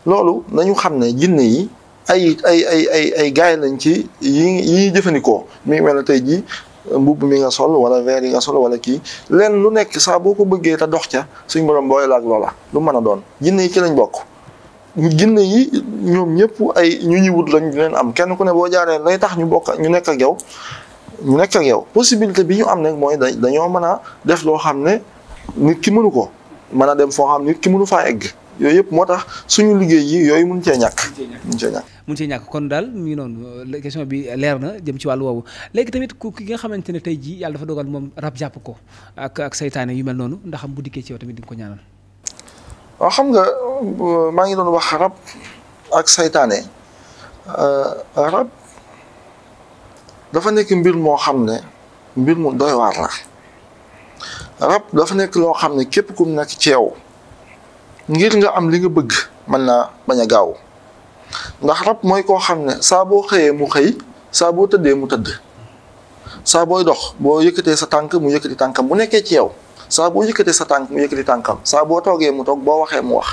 Speaker 2: loolu nañu xam ne jinne yi ay ay ay ay ay gaay lañ ci yi yi ñuy jëfandikoo mi ngi mel ne tey jii mbubb mi nga sol wala verre yi nga sol wala kii leen lu nekk saa boo ko bëggee te dox ca suñ borom booy laag loola lu mën a doon jinne yi ci lañ bokk jinne yi ñoom ñëpp ay ñu ñuy wut lañ leen am kenn ku ne boo jaaree lay tax ñu bokk ñu nekk a yow ñu nekk ak yow possibilité bi ñu am nag mooy dañoo mën a def loo xam ne nit ki mënu ko mën a dem foo xam nit ki mënu faa egg yooyu yëpp moo tax suñu liggéey yi yooyu mun cee ñàkk mun cee
Speaker 1: ñàkk mun cee ñàkk kon daal mu ngi noonu question bi leer na jëm ci wàllu woowu léegi tamit ku ki nga xamante ne tey jii yàlla dafa dogal moom rab jàpp ko ak ak saytaane yu mel noonu ndax am bu dikkee ci yow tamit di nga
Speaker 2: ko nga euh, maa ngi doon wax rab ak saytaane euh, dafa nekk mbir moo xam ne mbir mu doy waar la rab dafa nekk loo xam ne képp ku nekk ci yow ngir nga am li nga bëgg mën naa bañ a gaaw ndax rab mooy koo xam ne saa boo xëyee mu xëy saa boo tëddee mu tëdd saa booy dox boo yëkkatee sa tànk mu yëkkati tànkam bu nekkee ci yow saa boo yëkkatee sa tànk mu yëkkati tànkam saa boo toogee mu toog boo waxee mu wax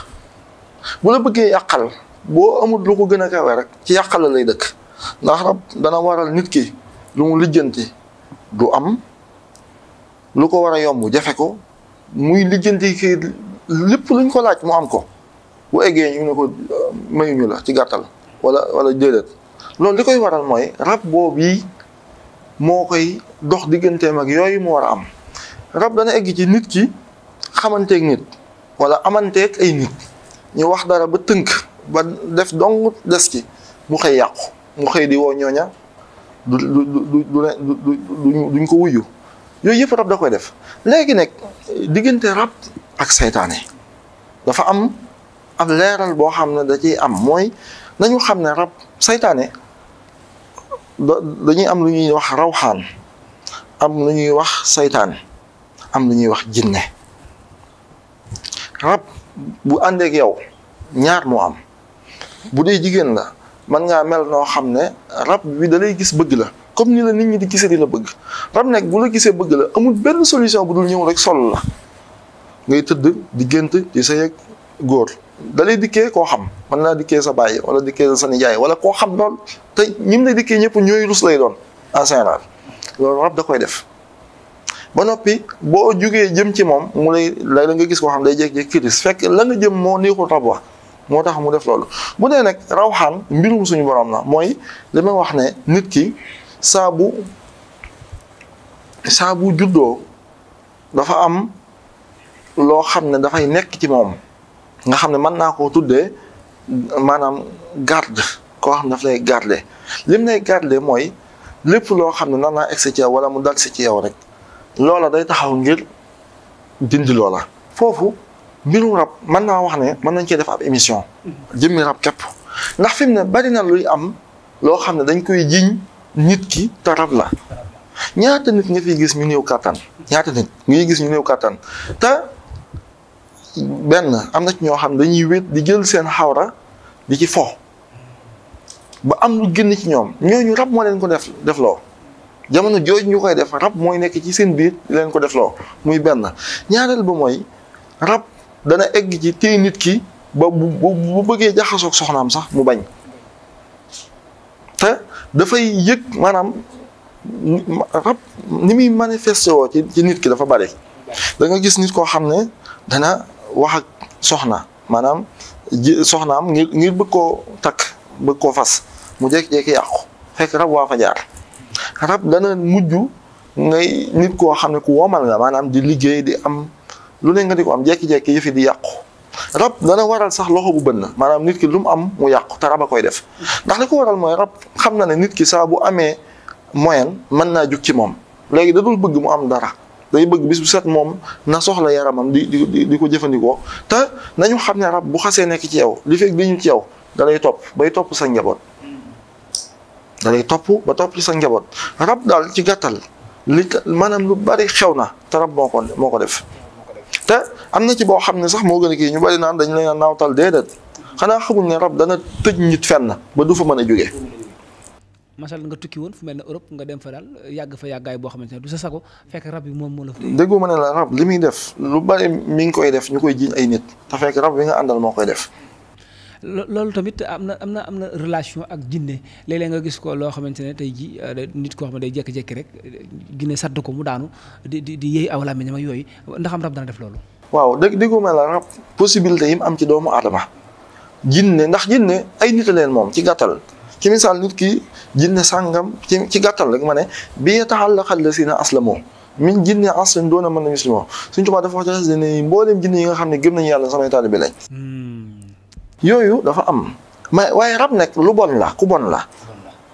Speaker 2: bu la bëggee yàqal boo amul lu ko gën a kawe rek ci yàqal lay dëkk ndax rab dana waral nit ki lu mu lijjanti du am lu ko war a yomb jafe ko muy lijjanti ki lépp luñ ko laaj mu am ko bu eggee ñu ne ko euh, mayuñu la ci gàttal wala wala déedéet loolu li koy waral mooy rab boobu yi moo koy dox diggante mag yooyu mu war a am rab dana egg ci nit ki xamanteeg nit wala amanteek ay nit ñu wax dara ba tënk ba def dong des ci mu xëy yàqu mu xëy di woo ñooña du du du duñ ko wuyu yooyu yëpp rab da koy def léegi nag diggante rab ak seytaane dafa am ab leeral boo xam ne da ci am mooy nañu xam ne rab saytaane dañuy am lu ñuy wax rawxaan am lu ñuy wax saytaan am lu ñuy wax jinne rab bu àndeek yow ñaar moo am bu dee jigéen la man ngaa mel noo xam ne rab bi da gis bëgg la comme nii la nit ñi di gisee di la bëgg rab nekk bu la gisee bëgg la amul benn solution bu dul ñëw rek sol la ngay tëdd di gént di sa yeeg góor da lay dikkee koo xam mën naa dikkee sa bàyyi wala dikkee sa nijaay wala koo xam lool te ñim lay dikkee ñëpp ñooy rus lay doon en général loolu rab da koy def ba noppi boo jugee jëm ci moom mu lay lay la gis koo xam day jékki-jékki kiris fekk la nga jëm moo neexul rab wax moo tax mu def loolu bu dee nag rawxaan mbirum suñu borom na mooy li wax ne nit ki saabu bu saa bu juddoo dafa am loo xam ne dafay nekk ci moom nga xam ne man naa koo tuddee maanaam garde koo xam ne daf lay garde lim nay garde mooy lépp loo xam ne nar naa egsi ci wala mu dal si ci yow rek loola day taxaw ngir dindi loola. foofu mbirum rab mën naa wax ne mën nañ cee def ab émission. Mm-hmm. jëmmi rab képp ndax fi mu ne bari na luy am loo xam ne dañ koy jiñ nit ki te rab la ñaata nit nga fiy gis ñu néew kàttan ñaata nit gis ñu kàttan benn am na ci ñoo xam ne dañuy wét di jël seen xawra di ci fo ba am lu génn ci ñoom ñooñu rab moo leen ko def def loo jamono jooju ñu koy def rab mooy nekk ci seen biir leen ko def loo muy benn ñaareel ba mooy rab dana egg ci téye nit ki ba bu bu bëggee jaxasoog soxnaam sax mu bañ te dafay yëg maanaam rab ni muy manifesté woo ci ci nit ki dafa bari danga gis nit koo xam ne dana wax ak soxna maanaam ji soxnaam ngir ngir bëgg koo takk bëgg koo fas mu jékki-jékki yàqu fekk rab waa fa jaar rab dana mujj ngay nit koo xam ne ku womal nga maanaam di liggéey di am lu ne nga di ko am jékki-jékki yëfi di yàqu rab dana waral sax loxo bu bënn maanaam nit ki lu mu am mu yàqu te rab a koy def ndax li ko waral mooy rab xam na ne nit ki sax bu amee moyen mën naa jug ci moom léegi da dul bëgg mu am dara day bëgg bis bu set moom na soxla yaramam di di di ko jëfandikoo te nañu xam ne rab bu xasee nekk ci yow li fekk di ñu ci yow da topp bay topp sa njaboot. da lay topp ba topp ci sa njaboot rab daal ci gàttal li maanaam lu bari xew na te rab moo ko moo ko def. te am na ci boo xam ne sax moo gën a kii ñu bari naan dañu leen a naawtal déedéet xanaa xamuñ ne rab dana tëj nit fenn ba du fa mën a jóge
Speaker 1: masal nga tukki woon fu mel ne Europe nga dem fa daal yàgg fa yàggaay boo xamante ne du sa sago fekk rab bi moom moo la fa.
Speaker 2: déggoo ma muy def lu mi ngi koy def ñu koy jiiñ ay nit te fekk rab bi nga def.
Speaker 1: loolu tamit am na am na am na relation ak jinne léeg nga gis ko loo xamante ne tey ji euh, nit koo xam ne day jékki rek ginne sadd ko mu daanu di di di yéey aw làmmiñam ak yooyu ndax am rab dana loolu.
Speaker 2: waaw dégg déggu ma la rab possibilité yi mu am ci doomu adama jinne ndax jinne ay nit leen moom ci gàttal ci misaal nit ki jinne sàngam ci ci gàttal rek ma ne bi yataxallaqal lazina aslamu min jinne aslin doona mën na muslimo suñ tubaab dafa wax ci xas ne mbooleem jinne yi nga xam ne gëm nañu yàlla samay taalibe lañ hmm. yooyu dafa am mais waaye rab nekk lu bon la ku bon la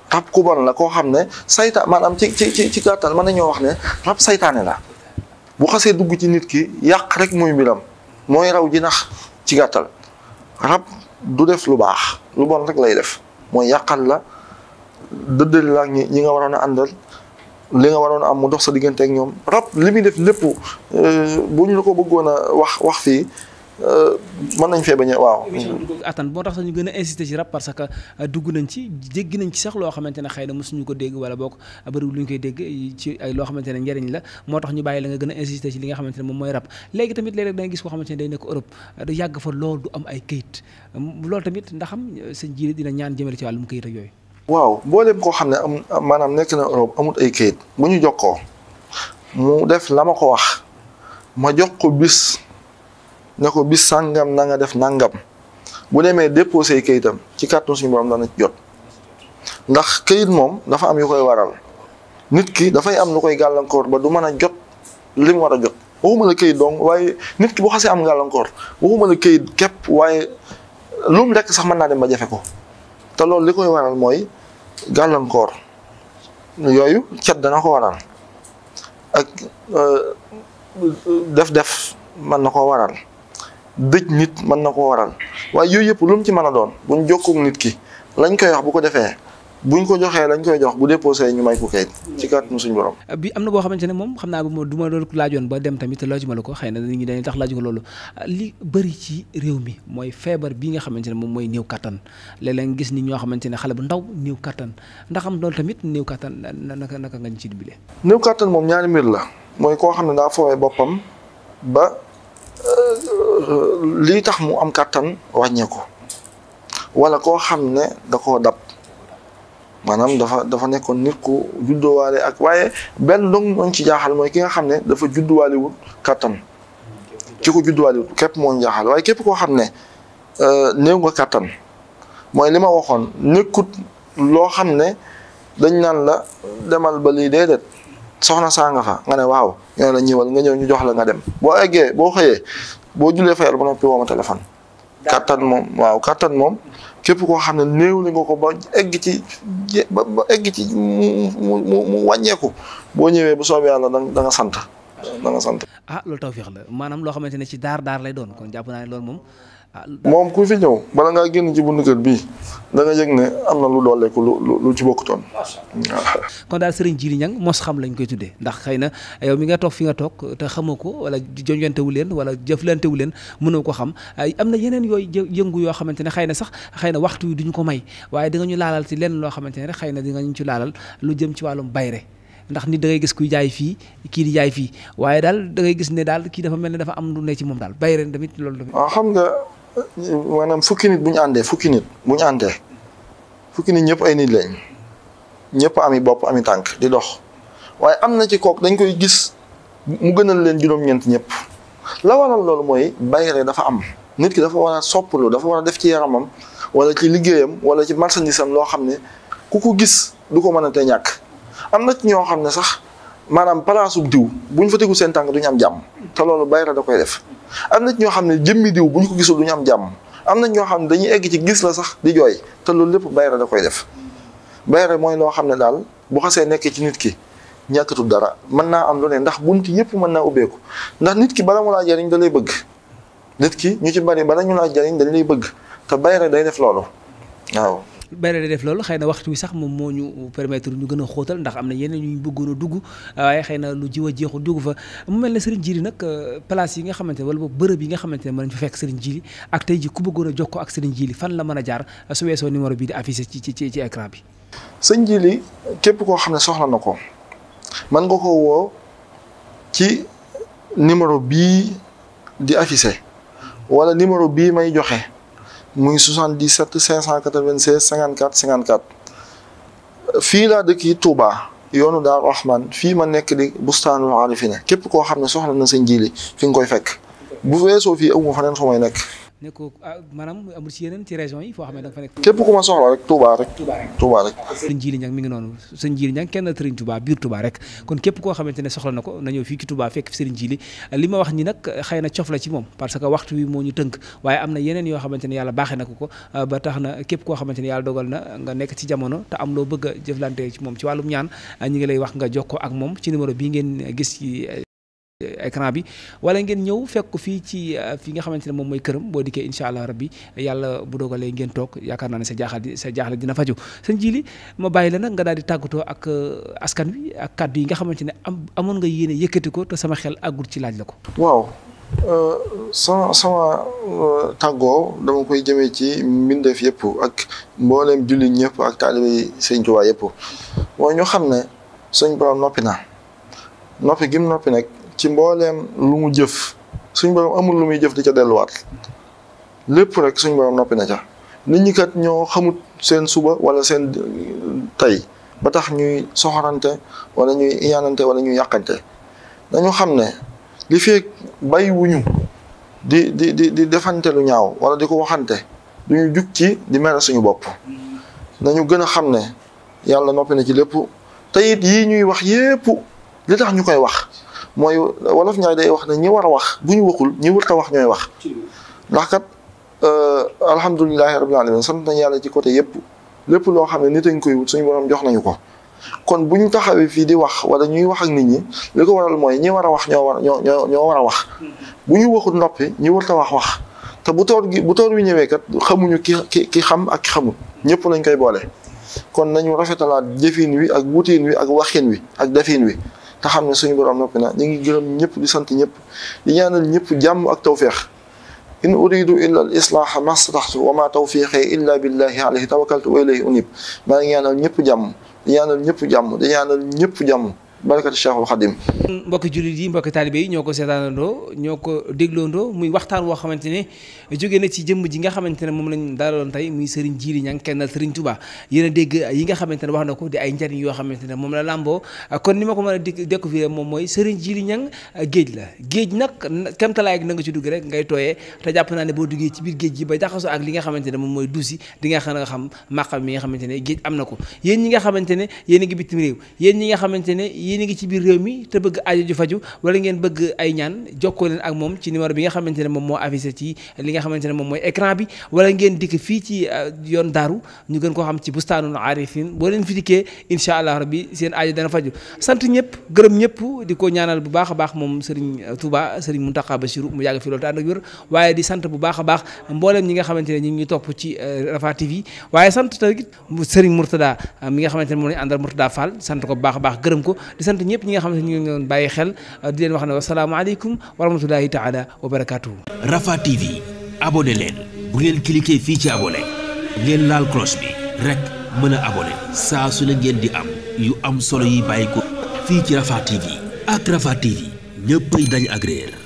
Speaker 2: rab ku bon la koo xam ne sayta maanaam ci ci ci ci gàttal mën nañoo wax ne rab la bu xasee dugg ci nit ki yàq rek muy mbiram mooy raw ji nax ci gàttal rab du def lu baax lu bon rek lay def mooy yàqal la dëddali la ak ñi nga waroon a àndal li nga waroon a am mu dox sa diggante ak ñoom rab li muy def lépp euh, bu ñu la ko bëggoon a wax wax fii Euh, mën nañ fee bañ a waaw.
Speaker 1: attan boo tax sax ñu gën a insister ci rab parce que euh, dugg nañ ci dégg nañ ci sax loo xamante ne xëy na mosuñu ko dégg wala boog bëriwul lu ñu koy dégg loo xamante ne la moo tax ñu bàyyi la nga gën a insister ci li nga xamante ne moom mooy rab léegi tamit léeg-léeg da nga gis koo xamante ne day nekk Europe yàgg fa loolu du am ay kayit loolu tamit ndax xam euh, sëñ ji dina ñaan jëmale ci wàllum kayit ak yooyu.
Speaker 2: waaw mboolem koo xam ne am maanaam nekk na Europe amut ay kayit bu ñu jokkoo mu def la ma ko wax ma jox ko bis na ko bis sàngam na nga def nàngam bu demee déposé kayitam ci kàttu suñu borom dana jot ndax kayit moom dafa am yu koy waral nit ki dafay am lu koy gàllankoor ba du mën a jot li mu war a jot waxuma la kayit waaye nit ki bu xasee am gàllankoor waxuma la kayit képp waaye lum mu sax mën naa dem ba jafe ko te loolu li koy waral mooy gàllankoor yooyu cat dana ko waral ak euh, def-def mën na ko waral dëj nit mën na ko waral waaye yooyu yëpp lu mu ci mën a doon buñ jokkoog nit ki lañ koy wax bu ko defee buñ ko joxee lañ koy jox bu déposé ñu may ko kayit ci kàttanu suñu borom.
Speaker 1: Euh, bi am na boo xamante ne moom xam naa bu ma doon laajoon ba dem tamit laajuma la ko xëy na nit ñi dañuy tax laaju ko euh, ci réew mi mooy feebar bii nga xamante ne moom mooy néew kattan léeg gis ni ñoo xamante ne xale bu ndaw néew kattan ndax am loolu tamit néew kattan naka naka nga ñu ci dimbale.
Speaker 2: néew kattan moom ñaari mbir la mooy koo xam ne daa foowee boppam ba lii tax mu am kàttan wàññeeku wala koo xam ne da koo dab maanaam dafa dafa nekkoon nit ku judduwaale ak waaye benn dong ñooñ ci jaaxal mooy ki nga xam ne dafa judduwaalewul kàttan ci ko judduwaalewul képp moo jaaxal waaye képp koo xam ne euh, néew nga kàttan mooy li ma waxoon nekkut loo xam ne dañ naan la demal ba lii déedéet soxna saa nga fa nga ne waaw nee na ñëwal nga ñëw ñu jox la nga dem boo eggee boo xëyee boo jullee fayal ba noppi woo ma téléphone. kattan moom waaw kattan moom képp koo xam ne néew li ko ba egg ci ba egg ci mu mu mu wàññeeku boo ñëwee bu soobee yàlla da nga sant.
Speaker 1: na ma sant. ah loolu tawfeex la maanaam loo xamante ne ci daar daar lay doon kon jàpp naa ne loolu moom. Ah, moom
Speaker 2: ku fi ñëw bala ngaa génn ci buntu kër bii da yëg ne am na lu dooleeku lu lu ci bokkutoon.
Speaker 1: kon daal Serigne Djily Niang mos xam lañ koy tuddee ndax xëy na yow mi nga toog fi nga toog te xamoo ko wala jonjante leen wala jëflantewu wu leen mënoo ko xam ay am na yeneen yooyu yëngu yoo xamante ne xëy na sax xëy na waxtu wi duñu ko may waaye di laalal ci lenn loo xamante ne xëy na di nga ñu ci laalal lu jëm ci wàllum bayre ndax nit da gis kuy jaay fii kii di jaay fii waaye daal dangay gis ne daal kii dafa mel ni dafa am lu ne ci moom daal bay ren tamit loolu tamit.
Speaker 2: waaw xam nga maanaam fukki nit bu ñu àndee fukki nit bu ñu fukki nit ñëpp ay nit lañ ñëpp ami bopp ami tànk di dox waaye am na ci kook dañ koy gis mu gënal leen juróom ñëpp la loolu mooy bayre dafa am nit ki dafa war a soppalu dafa war a def ci yaramam wala ci liggéeyam wala ci marchandise am loo xam ne ku ko gis du ko mën a te ñàkk. am na ci ñoo xam ne sax maanaam place bu diw bu ñu fa tegu seen tànk du ñu am jàmm te loolu bayra da koy def am na ci ñoo xam ne jëmmi diw bu ñu ko gisul du ñu am jàmm am na ñoo xam ne dañuy egg ci gis la sax di jooy te loolu lépp bayra da koy def bayra mooy loo xam ne daal bu xasee nekkee ci nit ki ñàkkatul dara mën naa am lu ne ndax bunt yëpp mën naa ubbeeku ndax nit ki bala mu laa jariñ da lay bëgg nit ki ñu ci bari bala ñu laa jariñ dañ lay bëgg te bayra day def loolu waaw
Speaker 1: bëri def loolu xëy na waxtu wi sax moom moo ñu permettre ñu gën a xootal ndax am na yeneen ñu bëggoon a dugg waaye xëy na lu jiw jeexu dugg fa mu mel ne sëriñ Jili nag euh, place yi nga xamante ne wala boobu bërëb yi nga xamante ne mën nañ fa fekk sëriñ Jili ak tey ji ku bëggoon a jokkoo ak sëriñ Jili fan la mën a jaar su weesoo numéro bi di affiché ci ci ci écran bi
Speaker 2: sëñ Jili képp koo xam ne soxla na ko mën nga ko woo ci numéro bii di affiché wala numéro bii may joxe muy 77 596 54 54 fii laa dëkk yi Touba yoonu Daaru Rahman fii ma nekk di bustaanul aarifina képp koo xam ne soxla na sa njiili fi nga koy fekk
Speaker 1: bu weesoo fii amu ma faneen fu may nekk. ne ko ah, maanaam amul yeneen ci région yi foo xam ne da nga fa nekk. képp ku ma soxla rek Touba rek. Touba rek. sëñ Jili Ñang mi ngi noonu sëñ Jili Ñang kenn Serigne tubaa biir tubaa rek kon képp koo xamante ne soxla na ko na ñëw fii ci Touba fekk Serigne Jili li ma wax ni nag xëy na cof la ci moom parce que waxtu wi moo ñu tënk waaye am na yeneen yoo xamante ne yàlla baaxe na ko ko ba tax na képp koo xamante ne yàlla dogal na nga nekk ci jamono te am loo bëgg a jëflante moom ci wàllum ñaan ñi ngi lay wax nga jokkoo ak moom ci numéro bii ngeen gis ci écran bi wala ngeen ñëw fekk fii ci euh, fi nga xamante ne moom mooy këram boo dikkee incha allah rabbi yàlla bu dogalee ngeen toog yaakaar naa ne sa jaaxal sa jaaxle dina faju sa Jili ma bàyyi la nag nga daal di tàggatoo ak euh, askan bi ak kàddu yi nga xamante ne am amoon nga yéene yëkkati ko te sama xel àggul ci laaj la ko.
Speaker 2: waaw euh, sama sama tàggoo dama koy jëmee ci mbindeef yëpp ak mboolem jullit ñëpp ak taalibe yi sëñ Tuubaa yëpp mooy xam ne sëñ Boroom noppi na noppi gim ci mbooleem lu mu jëf suñ borom amul lu muy jëf di ca delluwaat lépp rek suñ borom noppi na ca nit ñi kat ñoo xamut seen suba wala seen euh, tey ba tax ñuy soxorante walla ñuy iñaanante walla ñuy yàqante dañu xam ne li feeg bay wuñu di di di di defante lu ñaaw wala di ko waxante duñu jug ci di mere suñu bopp nañu gën a xam ne yàlla noppi na ci lépp te it yii ñuy wax yépp li tax ñu koy wax mooy wolof ñaay day wax ne ñi war a wax bu ñu waxul ñi wërta wax ñooy wax ndax kat euh, alhamdulilahi rabbil alamin sant nañ yàlla ci côté yëpp lépp loo xam ne nit a ngi koy wut suñu borom jox nañu ko kon bu ñu taxawee fii di wax wala ñuy wax ak nit ñi li ko waral mooy ñi war a wax ñoo war ñoo ñoo ñoo war a wax bu ñu waxul noppi ñi wërta wax wax te bu toor gi bu toor wi ñëwee kat xamuñu ki ki ki xam ak ki xamul ñëpp lañ koy boole kon nañu rafetalaat jëfin wi ak wutiin wi ak waxin wi ak defin wi te xam ne suñu borom noppi na ñu ngi gërëm ñëpp di sant ñëpp di ñaanal ñëpp jàmm ak tawféex in uridu illa al islaaha mastataxtu wa ma tawfiqi illa billahi alayhi tawakkaltu wa ilayhi unib maa ngi ñaanal ñëpp jàmm di ñaanal ñëpp jàmm di ñaanal ñëpp jàmm barkati Cheikhul Khadim
Speaker 1: mbokki jullit yi mbokki taalibe yi ñoo ko seetaanandoo ñoo ko dégloondoo muy waxtaan woo xamante ne jóge na ci jëmm ji nga xamante ne moom lañ dalaloon tey muy Serigne Djily Niang kennal Serigne Touba yéen a dégg yi nga xamante ne wax na ko di ay njariñ yoo xamante ne moom la làmboo kon ni ma ko mën a découvrir moom mooy Serigne Djily Niang géej la géej nag kemtalaay gi na nga ci dugg rek ngay tooyee te jàpp naa ne boo duggee ci biir géej gi ba jaxasoo ak li nga xamante ne moom mooy duusi di nga xam nga xam màqam mi nga xamante ne géej am na ko yéen ñi nga xamante ne yéen a ngi bitim réew yéen ñi nga xamante ne yéen a ngi ci biir réew mi te bëgg aajo ju faju wala ngeen bëgg ay ñaan jokkoo ak moom ci numéro bi nga xamante ne moom moo affiché ci li nga xamante ne moom mooy écran bi wala ngeen dikk fii ci euh, yoon daaru ñu gën koo xam ci bustaanul arifin boo leen fi dikkee incha allah rabbi seen aajo dana faju ñëpp gërëm ñëpp di ko ñaanal bu baax a baax moom Serigne Touba Serigne Mountakha Bassirou mu yàgg fi loolu te ànd ak waaye di sant bu baax a baax ñi nga xamante ne ñi ngi ñu topp ci euh, Rafah TV waaye sant tamit Serigne Mourtada mi nga xamante ne moom lañu àndal Mourtada Fall sant ko bu baax a baax gërëm ko di sant ñëpp ñi nga xam ne ñu ngi bàyyi xel di leen wax na wasalaamaaleykum wa rahmatulahi taala wa barakaatuhu. Rafah TV abonné leen bu ngeen cliquer fii ci abonné ngeen laal cloche bi rek mën a abonné saa su ne ngeen di am yu am solo yi bàyyi ko fii ci Rafah TV ak Rafah TV ñëppay dañ agréer